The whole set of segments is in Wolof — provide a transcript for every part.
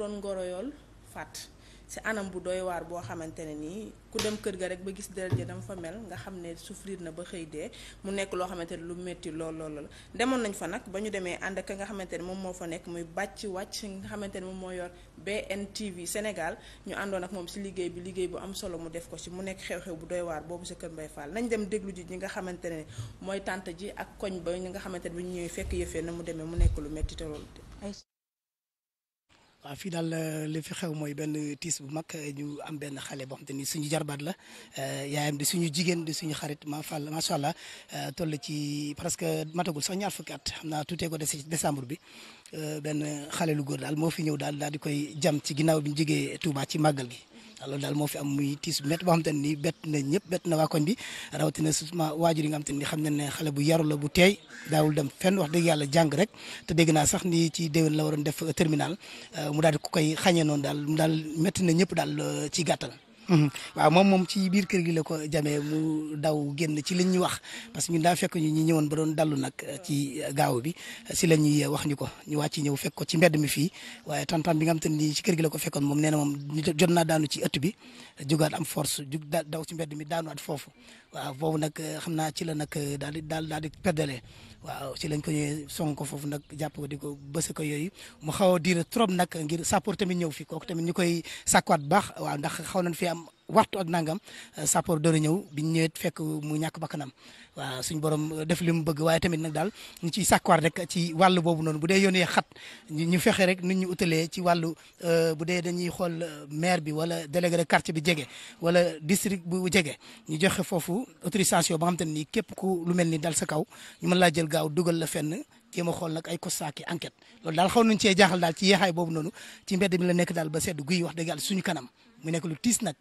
doon ngoroyool faat si anam bu doy waar boo xamante ne nii ku dem kër ga rek ba gis deret ji dama fa mel nga xam ne souffrir na ba xëy dee mu nekk loo xamante ne lu métti lool lool la demoon nañ fa nag ba ñu demee ànd ak nga xamante ne moom moo fa nekk muy bàcc wàcc nga xamante ne moom moo yor BNTV Sénégal ñu àndoon ak moom ci liggéey bi liggéey bu am solo mu def ko ci mu nekk xew-xew bu doy boobu sa kër Mbay Fall nañ dem déglu ji ñi nga xamante ne mooy tànt ji ak koñ ba ñi nga xamante ne bu ñu fekk yëfee na mu demee mu nekk lu waaw fii daal euh, li fi xew mooy benn tiis bu mag euh, ñu am benn xale boo xam te ni suñu jarbaat la euh, yaayam di suñu jigéen di suñu xarit macha allah toll ci presque matagul sax ñaar fukki at xam naa tuutee ko des ci décembre bi benn xale lu góor daal moo fi ñëw daal daal di koy jam ci ginnaaw bi ñu jigee Touba ci màggal gi. loolu daal moo fi am muy tiis métt boo xam te ni bett na ñëpp bett na waa koñ bi rawatina suma waajur yi nga xam ni xam ne ne xale bu yaru la bu teey daawul dem fenn wax dëgg yàlla jàng rek te dégg naa sax ni ci déwén la waroon def terminal mu daal di ku koy xañee noonu daal mu daal métti na ñëpp daal ci gàttal Mhm. waaw moom moom ci biir kër gi la ko jamee mu daw génn ci liñ ñu wax parce que ñun daa fekk ñu ñu ñëwoon ba doon dallu nag uh, ci uh, gaaw bi uh, si la ñuy wax ñu ko ñu wàcc ñëw fekk ko ci mbedd mi fii waaye tantam bi nga xam te ni ci kër gi la ko fekkoon moom nee na moom jot naa daanu ci ëtt bi jugaat am force jug daw ci mbedd mi daanuwaat foofu waaw boobu nag eh, xam naa ci la nag eh, daal di daal daal di perdale waaw ci lañ ko ñëwee eh, song ko foofu nag jàpp ko di ko bës ko yooyu mu xaw a diir trop nag ngir sappoor tamit ñëw fi kooku tamit ñu koy sàkkuwaat bu baax waaw ndax xaw nañ fi am waxtu ak nangam euh, sapor door a ñëw biñ ñëwet fekk mu ñàkk bakkanam waa suñ borom euh, def li mu bëgg waaye tamit nag daal ñu ciy sàkkuwaat rek ci wàllu boobu noonu bu dee yoon yi xat ñu fexe rek nit ñu utalee ci wàllu euh, bu dee dañuy xool maire bi wala délégué de quartier bi jege wala district bu jege ñu joxe foofu autorisation ba nga xam te nii képp ku lu mel ni dal sa kaw ñu mën laa jël gaaw dugal la fenn jéem a xool nag ay constat ki enquête loolu daal xaw nañ cee jaaxal daal ci yeexaay boobu noonu ci mbedd mi la nekk daal ba sedd guy wax dëgg suñu kanam mu nekk lu tiis nag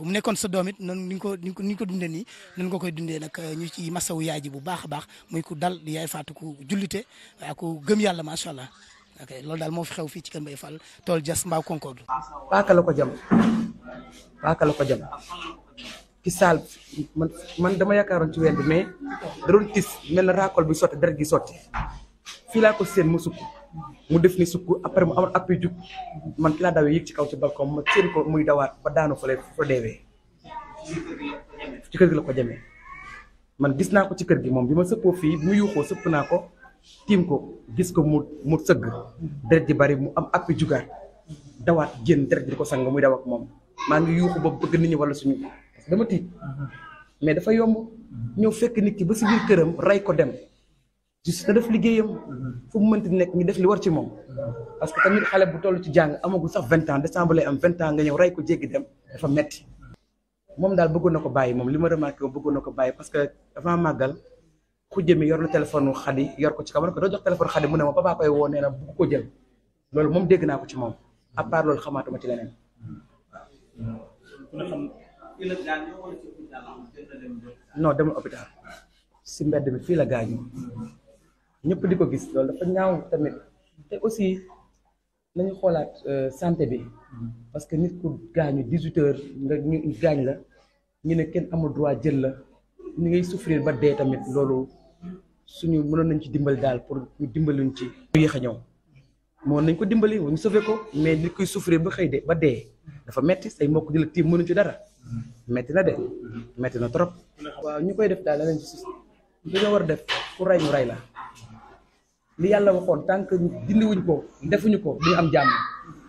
bu mu nekkoon sa doom noonu ni ñu ko ni ñu ko dundee nii nan nga koy dundee nag euh, ñu ci masawu yaay ji bu baax baax muy ku dal di yaay faatu ku jullite waaye ku gëm yàlla macha allah ok loolu daal moo fi xew fii ci Kër Mbaye Fall tool jas mbaaw Concorde. paaka la ko jam paaka la ko jam ci saal man dama yaakaaroon ci wér bi mais da doon mel na raakol bi sotti deret gi sot fii laa ko seen mu sukk mu def ni sukk après mu amoon appui jug man ki laa dawee yëg ci kaw ci balcon ma séen ko muy dawaat ba daanu fële fa deewee ci kër gi la ko jëmee man gis naa ko ci kër gi moom bi ma sëppoo fii bi mu yuuxoo sëpp naa ko tiim ko gis ko mu mu sëgg deret ji bari mu am appui jugaat dawaat génn deret ji di ko sang muy daw moom maa ngi yuuxu ba bëgg nit ñi wala suñu dama tiit mhm. mais dafa yomb ñëw fekk nit ki ba si biir këram rey ko dem juste te def liggéeyam fu mu mënti nekk ñu def li war ci moom parce que tamit xale bu toll ci jàng amagu sax vingt ans décembre lay am vingt ans nga ñëw rey ko jéggi dem dafa metti moom daal bëggoona ko bàyyi moom li ma remarqué moom bëggoon na ko bàyyi parce que avant màggal xujje mi yor na téléphone xadi yor ko ci kaw ma ne doo jox téléphone xadi mu ne ba papa koy woo nee na bu ko jël loolu moom dégg naa ko ci moom à part loolu xamaatuma ci leneen non demul fii la gaañu ñëpp di ko gis loolu dafa ñaaw tamit te aussi nañu xoolaat euh, santé bi parce que nit ku gaañu 18 heures nga ñu gaañ la ñu ne kenn amul droit jël la ni ngay souffrir ba dee tamit loolu suñu mënoon nañ ci dimbali daal pour ñu dimbaluñ ci. mu a ñëw moo nañ ko dimbali ñu sauvé ko mais nit kuy souffrir ba xëy de ba dee dafa metti say mbokk di la tiim mënuñ ci dara metti na de metti na trop. waaw ñu koy def daal danañ ci dañoo war def ku ray mu ray la. li yàlla waxoon tant que dindiwuñ ko defuñu ko duñu am jàmm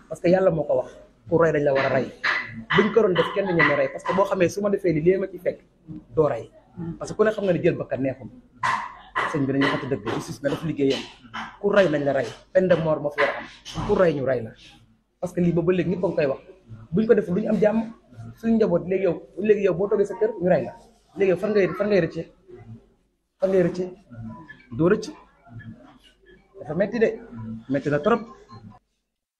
parce que yàlla moo ko wax ku rey dañ la war a rey buñ ko doon def kenn ñeme rey que boo xamee su ma defee lii lee ma ci fekk doo rey parce que ku ne xam nga ne jël bakkan neexul sëñ bi la rey peine de am la parce que lii ba ba léegi ñëpp a ngi ko def duñu am jàmm suñu njaboot léegi yow léegi yow boo toogee sa kër ñu rey la léegi yow fan ngay fan ngay rëcce fan ngay rëcce doo rëcc dafa metti de metti na trop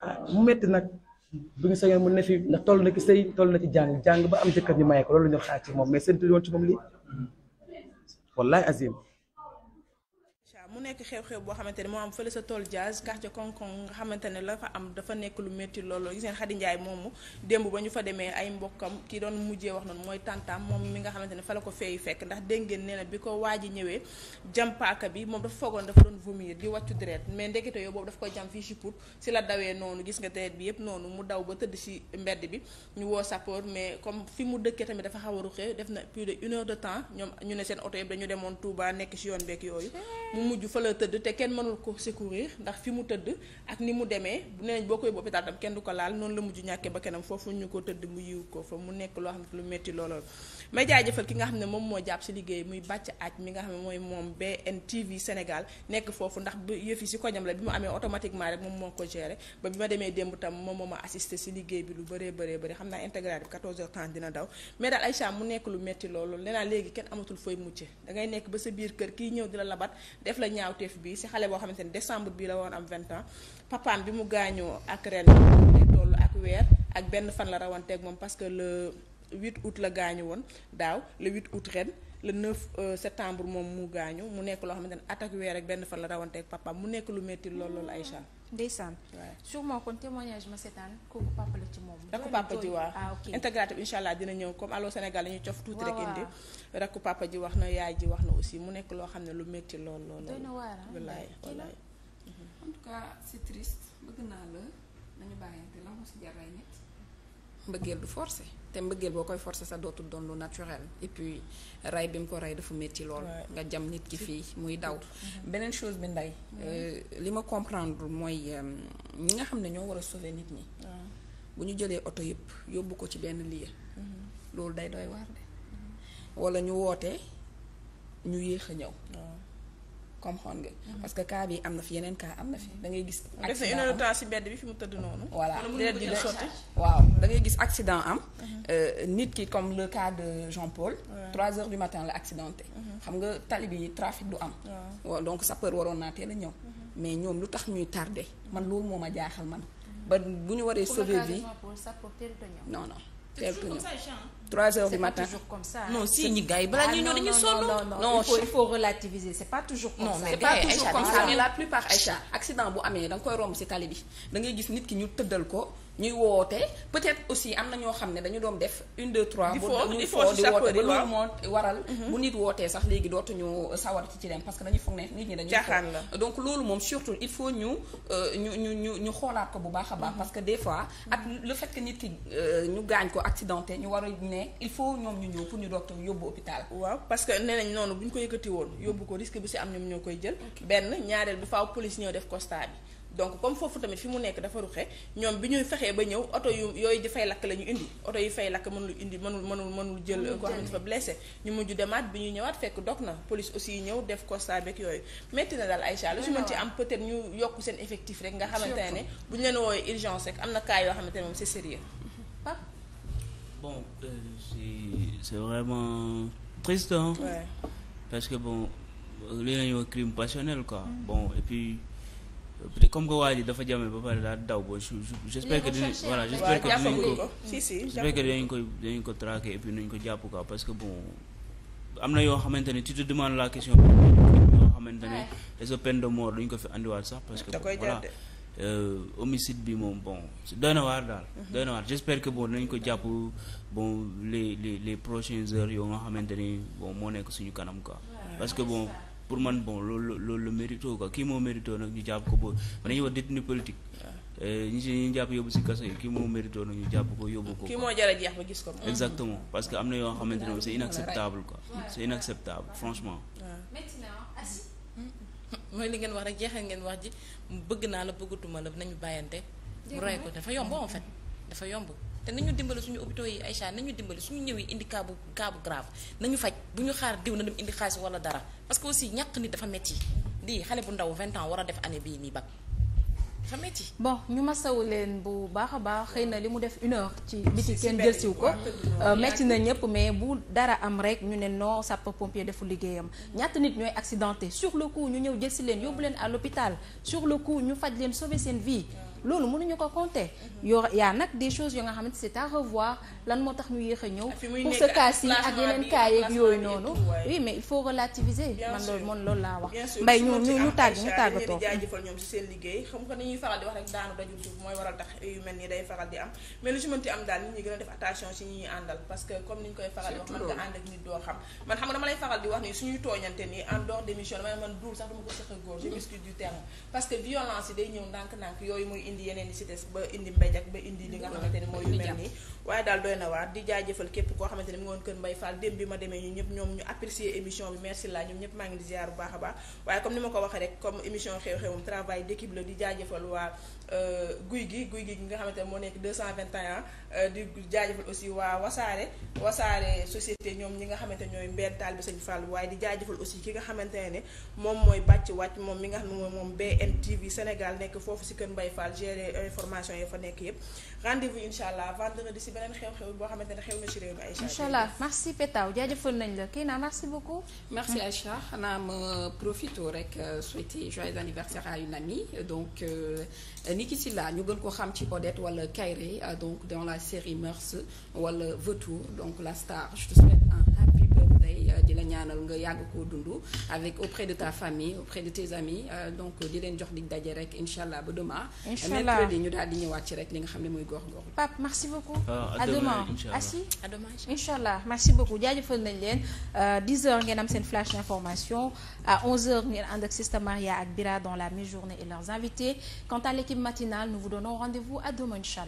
ah mu metti nag bu ñu sañoon mu ne fi ndax toll na ci sëy toll na ci jàng jàng ba am jëkkër ñu maye ko loolu ñu xaar ci moom mais seen tuuti woon ci moom lii wallahi azim mu nekk xew-xew boo xamante ne moo am fële sa tool Diaz quartier Konkong nga xamante ne la fa am dafa nekk lu métti loolu gis ngeen Xadi Njaay moomu démb ba ñu fa demee ay mbokkam ki doon mujjee wax noonu mooy tantam moom mi nga xamante ne fa la ko feeyi fekk ndax dégg ngeen nee na ko waa ji ñëwee jam paaka bi moom dafa foogoon dafa doon vomir di wàccu deret mais ndekete yoo boobu dafa ko jam fii si pour si la dawee noonu gis nga deret bi yëpp noonu mu daw ba tëdd si mbedd bi ñu woo sapeur mais comme fi mu dëkkee tamit dafa xaw a ruxee def na plus de de temps ñoom ñu ne seen oto yëpp dañu demoon Touba si yoon beek yooyu mujj fa la tëdd te kenn mënul ko secourir ndax fi mu tëdd ak ni mu demee bu nee nañ boo koy bu hôpital tam kenn du ko laal noonu la mujj ñàkke ba kanam foofu ñu ko tëdd mu yiw ko fa mu nekk loo xam ne lu metti looloo may jaajëfal ki nga xam ne moom moo jàpp si liggéey muy bàcc aaj mi nga foofu ndax bu yëfi si koñam la bi mu amee automatiquement rek moom moo ko géré ba bi ma demee démb tam liggéey bi lu bëree bëree bëri xam naa intégral bi nekk lu metti loolu lenaa léegi kenn amatul fooy mucce da ngay nekk ba sa biir kër kii ñëw di la labat def la ñaawteef bi si xale boo xamante ne décembre bi la woon am 20 ans papaam bi mu gaañoo ak ren toll ak weer ak benn fan la rawanteeg moom parce que le 8 août la gaañu woon daaw le 8 août ren le 9 euh, septembre moom mu gaañu mu nekk loo xamante ne attaque weer rek benn fan la rawanteeg papa mu nekk lu métti lool loolu Aïcha. ndeysaan waaw sûrement kon témoignage ma seetaan kooku papa la moom. rakku papa ji waaw ah ok intégrative incha dina ñëw comme allo Sénégal la ñuy cof tuuti rek indi. rakku papa wax na yaay ji wax na aussi mu nekk loo xam ne lu métti lool lool. doy na waar ah. wallaay wallaay. en tout cas naa la nañu bàyyante la moo si jar ay nit. mbëggeel du forcé te mbëggeel boo koy forcé sa dootul doon lu naturel et puis rey bi mu ko rey dafa métti lool. nga jam nit ki fii muy daw. Mhm. beneen chose bi nday euh, li ma comprendre mooy euh, ñi nga xam ne ñoo war a sauver nit ñi. bu ñu jëlee oto yëpp yóbbu ko ci benn lieu. Mhm. loolu day doy waar de. Mhm. wala ñu woote ñu yéex ñëw. comprendre nga. Mhm. parce que cas bi am na fi yeneen cas am na fi da ngay gis. accident am bi fi mu tëdd noonu. voilà déedéet waaw da ngay gis accident am. Mhm. Euh, nit ki comme le cas de Jean Paul. trois heures du matin la accidenté. Mhm. xam nga tali bi trafic du am. waaw donc sapeur waroon naa teel a ñëw. mais ñoom lu tax ñuy tardé man loolu moom a jaaxal man. ba bu ñu waree sauver vie non non. teel ko ñëw 3 heures du matin. c'est pas toujours ñi gars balaa ñuy ñëw dañuy sonn. non il faut il faut relativiser c'est pas toujours. comme ça non mais gars yi Aïcha la plupart Aïcha accident bu amee da nga koy romb ci tali bi da gis nit ki ñu tëddal ko. ñuy woote peut-être aussi am na ñoo xam ne dañu doon def une deux trois. di fo di fo di woote ba loolu moo waral. Mhm. bu nit wootee sax léegi dootuñu euh, sawar ci ci dem parce que dañu foog ne nit ñi dañu. caaxaan la donc loolu moom surtout il faut ñu euh, ñu ñu ñu ñu xoolaat ko bu baax a baax. Mhm. parce que des fois ak mhm. le fait que nit ki euh, ñu gaañ ko accidenté ñu war a ne il faut ñoom ñu ñëw pour ñu doog yóbbu hôpital. waaw parce que nee nañ noonu bu ñu ko yëkkati woon yóbbu ko risque bi si am ñoom ñoo koy jël. benn ñaareel bi faaw police ñëw def constat bi. donc comme foofu tamit fi mu nekk dafa ruxe ñoom bi ñuy fexee ba ñëw oto yu yooyu di lakk la ñu indi oto yi fay lakk mënul indi mënul mënul mënul jël koo xam ne dafa blessé ñu mujj demaat bi ñuy ñëwaat fekk dog na police aussi ñëw def constat beeg yooyu métti na daal Aïcha lu ci mën am peut être ñu yokk seen effectif rek nga xamante ne bu ñu leen woowee urgence rek am na cas yoo xamante ne moom c'est sérieux Pape bon euh, c'est c'est vraiment triste hein ouais. parce que bon euh, li quoi mm. bon te comme que waa ji dafa jame ba pare daal daw booy que dinañ ko j'espère que dinañ ko dinañ ko traquer jàpp quoi parce que bon am na yoo xamante ne tu te la question yoo xamante ne les peines de ko fi andiwaat sax parce que voilà euh, homicide bi moom bon doy na waar daal mhm. doy na waar j'espère que ko jàpp bon les les les prochaines heures yoo nga xamante ne bon moo nekk suñu kanam quoi parce que bon pour man bon loolu loolu la mérito quoi kii moo mérito nag ñu jàpp ko ba man dañuy wax détenu politique. Euh, ñi si ñu jàpp yóbbu si kaso yi kii moo mérito nag ñu jàpp ko yóbbu ko. kii moo jar a jeex ba gis ko. exactement parce que am na yoo xamante ne c'est inacceptable quoi. c'est inacceptable franchement. Ah. mooy li ngeen wax rek jeexee ngeen wax ji bëgg naa la bëggatuma la nañu bàyyante. mu rey ko dafa yomb en fait dafa yomb. te nañu dimbali suñu hôpitaux yi Aïcha nañu dimbali suñu ñëwee indi cas bu bu grave nañu faj bu ñu xaar diw na dem indi xaalis wala dara parce que aussi ñàkk nit dafa metti lii xale bu ndaw 20 ans war a def année bii nii bac dafa metti bon ñu masawu leen bu baax a baax xëy na li mu def une heure ci biti seen jël siw ko metti na ñëpp mais bu dara am rek ñu ne noo sapeur pompier defu liggéeyam ñaata nit ñooy accidenté sur le coup ñu ñëw jël si leen yóbbu leen à l'hôpital sur le ñu faj leen sauver seen vie loolu mënuñu ko compter. Mhm. yaa nag des choses yoo nga xamante c'est à revoir lan moo tax ñu yéex a ñëw. Ah, pour ce cas ci ak yeneen cas yeeg yooyu noonu. oui mais il faut relativiser. man loolu ñu ñu mooy waral tax mel nii day faral di am mais lu ci mënti am daal nit ñi gën a def attention ci ñi ñuy àndal parce que comme ni koy faral di wax man nga ànd ak nit doo xam man xam nga dama lay faral di wax ni suñuy tooñante nii en dehors d'émission man duul sax dama ko sëq góor mm-hmm. du indi yeneen i si des ba indi mbéjak ba indi li nga xamante ne mooy yu mel nii waaye daal doy na waar di jaajëfal képp koo xamante ne mu ngi woon kër Mbaye Fall démb bi ma demee ñu ñëpp ñoom ñu apprécier émission bi merci la ñoom ñëpp maa ngi di baax a baax waaye comme ni ma ko waxee rek comme émission xew-xewum travail d'équipe la di jaajëfal waa Euh, guy gi guy gi nga xamante ne moo nekk 221 euh, di jaajëfal aussi waa wasaare wasaare société ñoom ñi nga xamante ñooy taal bi sëñ Fall waaye di jaajëfal aussi ki nga xamante ne moom mooy bàcc wàcc moom mi nga xam ne moom BNTV Sénégal nekk foofu si Kër mbay Fall gérer information yi fa nekk yëpp rendez-vous incha allah vendredi si beneen xew-xew boo xamante ne xew na si réew mi Aïcha incha allah merci Pétaw jaajëfal nañ la kii naa merci beaucoup xanaa ma profito rek euh, souhaiter joyeux anniversaire à une amie donc euh, Niki Silla ñu gën ko xam ci Odette wala Kairé euh, donc dans la série Mœurs wala Vautour donc la star je te tey euh, di la ñaanal nga yàgg koo dund avec auprès de ta famille auprès de tes amis euh, donc di leen jox di daje rek incha allah ba demain. incha euh, merci beaucoup. Ah, à demain Assi leen 10h ngeen am seen flash d'information à 11h ngeen ànd ak ak Bira dans la mi et leurs invités quant à l'équipe matinale nous vous donnons rendez-vous à demain incha